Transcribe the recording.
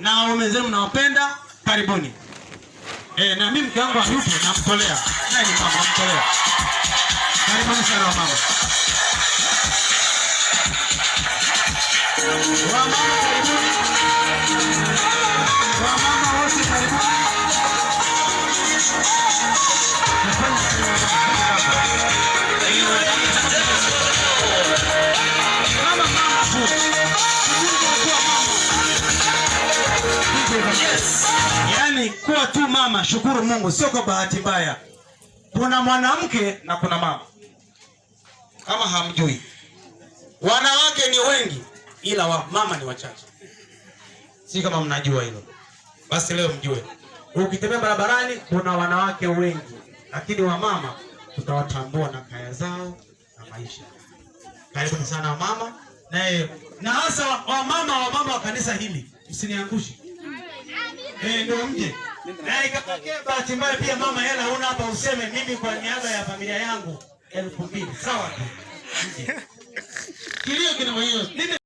na waume zenu mnawapenda, karibuni. Eh, na mimi mke wangu hayupo, namtolea naye ni mama, namtolea. Karibuni sana wamama, wamama karibuni. yes. Yaani kuwa tu mama, shukuru Mungu, sio kwa bahati mbaya. Kuna mwanamke na kuna mama, kama hamjui, wanawake ni wengi, ila wa mama ni wachache, si kama mnajua hilo. Basi leo mjue, ukitembea barabarani kuna wanawake wengi, lakini wamama tutawatambua na kaya zao na maisha. Karibu sana wamama, naye na hasa wamama, wamama wa kanisa hili, msiniangushi eh, ndio mje na ikatokea bahati mbaya pia mama hela huna hapa, useme mimi kwa niaba ya familia yangu elfu mbili sawa kilio kina